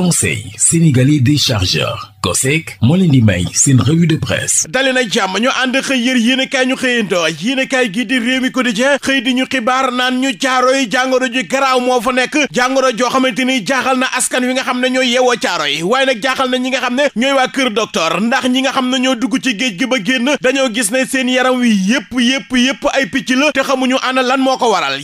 conseil sénégalais des chargeurs COSEC moo leen di may seen revue de presse dali na jàmm ñu ànd xëy yër yéenekaay ñu xëyantoo yéenekaay gi di Rewmi Quotidien xëy di ñu xibaar naan ñu caaroy jàngoro ji garaaw moo fa nekk jàngoro joo xamante ni jaaxal na askan wi nga xam ne ñooy yeewoo caaro yi waaye nag jaaxal na ñi nga xam ne ñooy waa kër docteur ndax ñi nga xam ne ñoo dugg ci géej gi ba génn dañoo gis ne seen yaram wi yépp yépp yépp ay picc la te xamuñu ana lan moo ko waral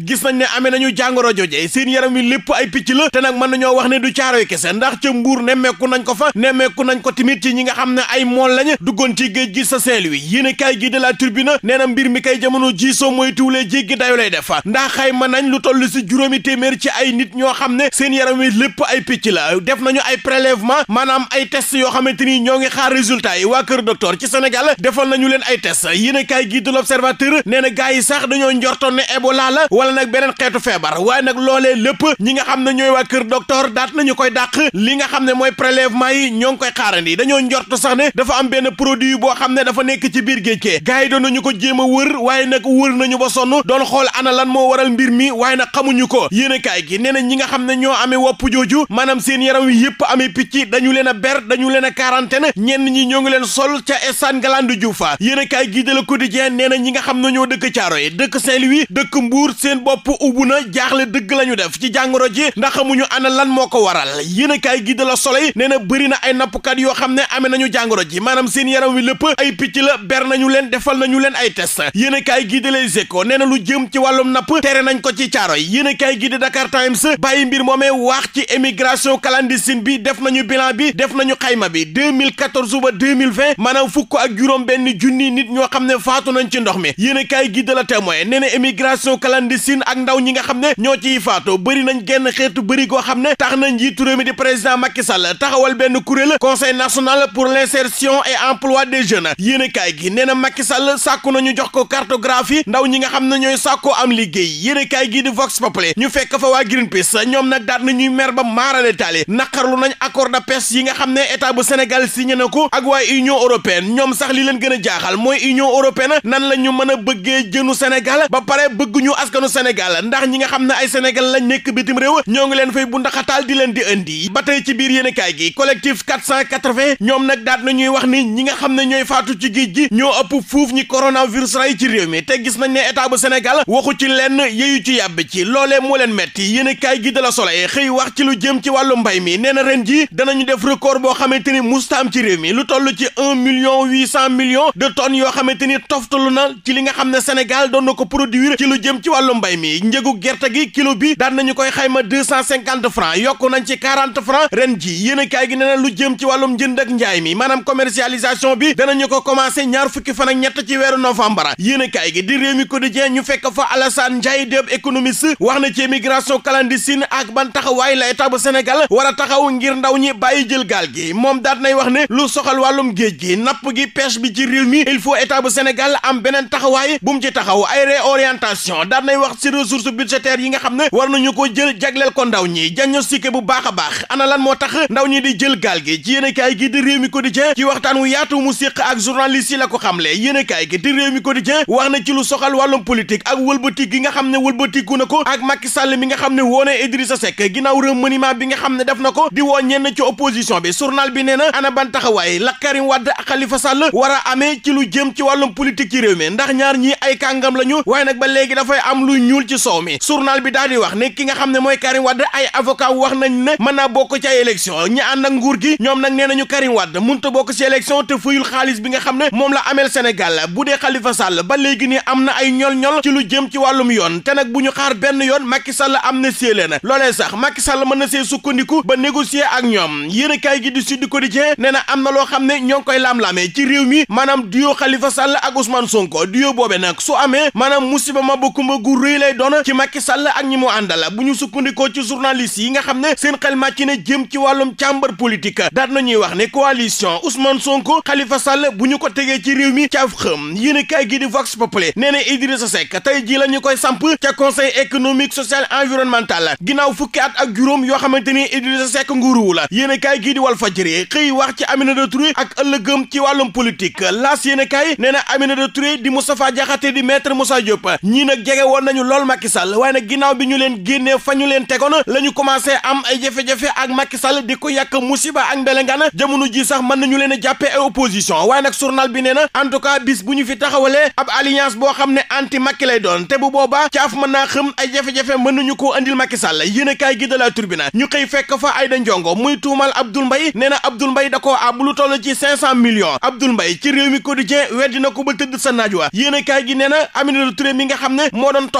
gis nañ ne amee nañu jàngoro jooje seen yaram wi lépp ay picc la te nag mën nañoo wax ne du caaroy kese ndax ca mbuur nemmeeku nañ ko fa nemmeeku nañ ko tamit ci ñi nga xam ne ay mool lañ duggoon ci géej gi sa Saint-Louis yéen a kaay gi de la Tribune nee na mbir mi kay jamono ji soo mooy tuulee jéggi dayo lay def ndax xayma nañ lu toll si juróomi téeméer ci ay nit ñoo xam ne seen yaram wi lépp ay picc la def nañu ay prélèvement maanaam ay test yoo xamante ni ñoo ngi xaar résultat yi waa kër docteur ci Sénégal defal nañu leen test yéen a kaay gi de nee na gaa yi sax dañoo njortoon ne Ebola wala nag beneen xeetu feebar waaye nag loolee lépp ñi nga xam ne ñooy waa kër docteur daat nañu koy dàq li nga xam ne mooy prélèvement yi ñoo ngi koy xaarandi dañoo njort sax ne dafa am benn produit boo xam ne dafa nekk ci biir géej kee gars yi doon nañu ko jéem a wër waaye nag wër nañu ba sonn doon xool ana lan moo waral mbir mi waaye nag xamuñu ko yéen a kaay gi nee na ñi nga xam ne ñoo amee wopp jooju seen yaram wi yëpp amee picc dañu leen a ber dañu leen a quarantaine ñenn ñi ñoo ngi leen sol ca Essane Galandou Diouf yéen a kaay gi na ñi nga xam ne ñoo dëkk Thiaroye dëkk Saint-Louis dëkk Mbour seen bopp ubbu na jaaxle la ñu def ci jàngoro ji ndax xamuñu ana lan moo ko waral yéenekaay gi de la Soleil nee na bëri na ay nappkat yoo xam ne amee nañu jàngoro ji maanaam seen yaram wi lépp ay picc la ber leen defal nañu leen ay test yéenekaay gi de Les Échos nee na lu jëm ci wàllum napp tere nañ ko ci caaro yi yéenekaay gi de Dakar Times bàyyi mbir moomee wax ci émigration clandestine bi def nañu bilan bi def nañu xayma bi 2014 ba 2020 maanaam fukk ak juróom benn junni nit ñoo xam ne faatu nañ ci ndox mi yéenekaay gi de la Témoin nee na Palestine ak ndaw ñi nga xam ne ñoo ciy faatu bëri nañ genn xeetu bëri goo xam ne tax nañ jiitu réew mi di président Macky Sall taxawal benn kuréel conseil national pour l'insertion et emploi des jeunes yéen kaay gi nee na Macky Sall sàkku nañu jox ko cartographie ndaw ñi nga xam ne ñooy sàkkoo am liggéey yéen kaay gi di Vox Populi ñu fekk fa waa Greenpeace ñoom nag daat nañuy mer ba maarale taali naqarlu nañ accord de pêche yi nga xam ne état bu Sénégal signé na ko ak waa Union européenne ñoom sax li leen gën a jaaxal mooy Union européenne nan la ñu mën a bëggee jënu Sénégal ba pare bëgguñu askan askanu Sénégal ndax ñi nga xam ne ay Sénégal lañ nekk bitim réew ñoo ngi leen fay bu ndaxataal di leen di indi ba tey ci biir yéenekaay gi collectif 480 ñoom nag daat na ñuy wax ni ñi nga xam ne ñooy faatu ci géej gi ñoo ëpp fuuf ñi coronavirus ray ci réew mi te gis nañ ne état bu Sénégal waxu ci lenn yeeyu ci yàbb ci loolee moo leen metti yéenekaay gi de la Soleil xëy wax ci lu jëm ci wàllu mbay mi nee na ren ji dana ñu def record boo xamante ni musta am ci réew mi lu toll ci un million cent millions de tonnes yoo xamante ni toftalu na ci li nga xam ne Sénégal doon na ko produire ci lu ci wàllu wàllu mbay mi njëgu gerte gi kilo bi daan nañu koy xayma deux cent cinquante franc yokku nañ ci quarante franc ren ji yéen kaay gi nee na lu jëm ci wàllum njënd ak njaay mi maanaam commercialisation bi danañu ko commencé ñaar fukki fan ak ñett ci weeru novembre yéen kaay gi di réew mi quotidien ñu fekk fa Alassane Ndiaye Diop économiste wax na ci émigration clandestine ak ban taxawaay la état bu Sénégal war a taxaw ngir ndaw ñi bàyyi jël gaal gi moom daat nay wax ne lu soxal wàllum géej gi napp gi pêche bi ci réew mi il faut am beneen taxawaay bu mu ci taxaw ay réorientation wax ci ressources budgétaires yi nga xam ne war nañu ko jël jagleel ko ndaw ñi diagnostiqué bu baax a baax ana lan moo tax ndaw ñi di jël gaal gi ci yéenekaay gi di Rewmi Quotidien ci waxtaan wu yaatu mu séq ak journaliste yi la ko xam xamle yéenekaay gi di Rewmi Quotidien wax na ci lu soxal wàllum politique ak wëlbati gi nga xam ne wëlbatiku na ko ak Macky Sall mi nga xam ne woone a Seck ginnaaw remaniement bi nga xam ne def na ko di woo ñenn ci opposition bi journal bi nee na ana ban taxawaay la Karim Wade ak Khalifa amee ci lu jëm ci wàllum politique ci réew mi ndax ñaar ñi ay kàngam lañu waaye nag ba léegi dafay am lu lu ñuul ci soow mi journal bi daal di wax ne ki nga xam ne mooy Karim Wade ay avocat wax nañ ne mën naa bokk ci ay élection ñi ànd ak gi ñoom nag nee nañu Karim Wade munta bokk ci élection te fuyul xaalis bi nga xam ne moom la ameel Sénégal bu dee Khalifa Sall ba léegi nii am na ay ñol-ñol ci lu jëm ci wàllum yoon te nag bu ñu xaar benn yoon Macky Sall am na séelée na loolee sax Macky Sall mën na see sukkandiku ba négocier ak ñoom yéen kaay gi di Sud Quotidien nee na am na loo xam ne ñoo ngi koy laam-laamee ci réew mi maanaam duo Khalifa Sall ak Ousmane Sonko duo boobe nag su amee maanaam musiba ma ba kumba gu rëy lay doon ci Macky Sall ak ñi mu àndal bu ñu sukkandikoo ci journaliste yi nga xam ne seen xel màcc na jëm ci wàllum càmbar politique daal nañuy wax ne coalition Ousmane Sonko Khalifa Sall bu ñu ko tegee ci réew mi caaf xëm yéen kaay gi di Vox Populi nee na Idrissa Seck tey jii la koy samp ca conseil économique social environnemental ginnaaw fukki at ak juróom yoo xamante ni Idrissa Seck nguuruwu la yéen kaay gii di Walfadjri xëy wax ci Aminata Touré ak nañu lool Macky Sall waaye nag ginnaaw bi ñu leen génnee fa ñu leen tegoon la ñu commencé am ay jafe-jafe ak Macky di ko yàq musiba ak mbelengaan jamono ji sax mën nañu leen a jàppee ay opposition waaye nag journal bi nee na bis bu ñu fi taxawalee ab alliance boo xam ne anti te bu boobaa caaf mën naa ay jafe-jafe mën nañu koo andil Macky Sall yéenekaay gi de La Tribune ñu xëy fekk fa Aïda Ndiongo muy tuumal Abdoul Mbaye nee na Abdoul Mbaye da koo ab lu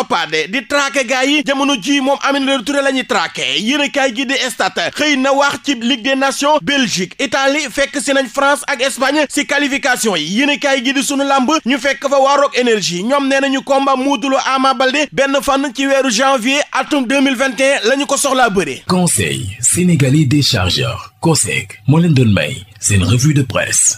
toppaade di traqué gars yi jamono ji moom Aminata Touré la ñuy traqué yéen kaay gi di Stades xëy na wax ci Ligue des Nations Belgique Italie fekk si nañ France ak Espagne si qualification yi yéen kaay gi di sunu lamb ñu fekk fa waa Rock Énergie ñoom nee nañu combat Modou Lô Ama Baldé benn fan ci weeru janvier atum 2021 la ñu ko soxlaa bëri. Conseil sénégalais des chargeurs COSEC moo leen doon may seen revue de presse.